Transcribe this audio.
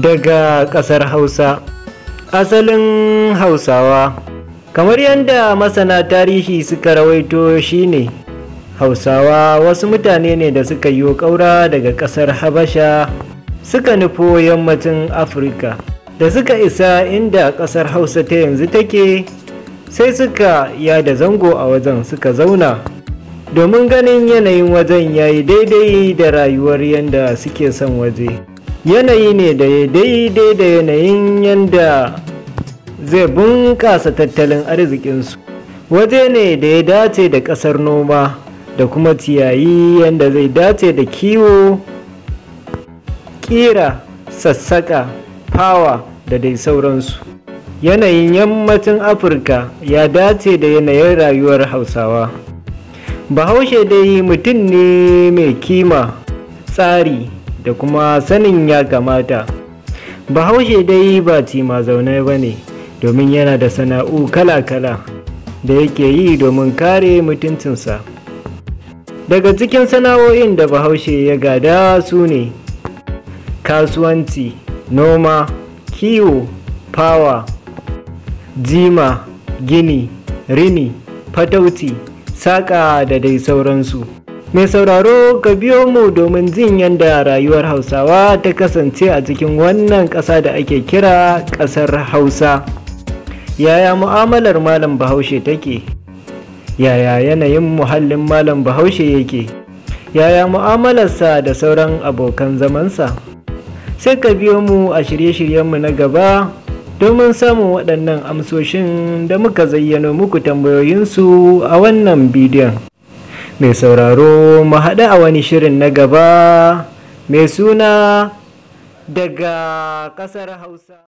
daga ƙasar Hausa. Asalin Hausawa Kamar yadda masana tarihi suka rawaito shi ne. Hausawa wasu mutane ne da suka yi ƙaura daga ƙasar Habasha suka nufo yammacin Afirka. Da suka isa inda ƙasar Hausa ta yanzu take sai suka yada zango a wajen suka zauna domin ganin yanayin wajen yayi daidai da rayuwar yadda suke son waje. yanayi ne da ya daidai da yanayin yadda zai bunƙasa tattalin arzikinsu waje ne da ya dace da ƙasar noma da kuma ciyayi yadda zai dace da kiwo ƙira sassaƙa fawa da dai sauransu yanayin yammacin afirka ya dace da yanayin rayuwar hausawa bahaushe dai mutum ne mai kima tsari da kuma sanin ya kamata bahaushe dai ba tima zaune ba ne domin yana da sana'u kala-kala da yake yi domin kare mutuncinsa daga cikin sana'o'in da bahaushe ya gada su ne kasuwanci noma kiwo fawa jima gini rini fatauci saƙa da dai sauransu mai sauraro ka biyo mu domin jin yadda rayuwar hausawa ta kasance a cikin wannan ƙasa da ake kira ƙasar hausa yaya mu'amalar malam bahaushe take yaya yanayin muhallin malam bahaushe yake yaya mu'amalarsa da sauran abokan zamansa sai ka biyo mu a shirye-shiryenmu na gaba domin samun waɗannan amsoshin da muka zayyano muku tambayoyinsu a wannan bidiyon mai sauraro mu haɗu a wani shirin na gaba mai suna daga ƙasar hausa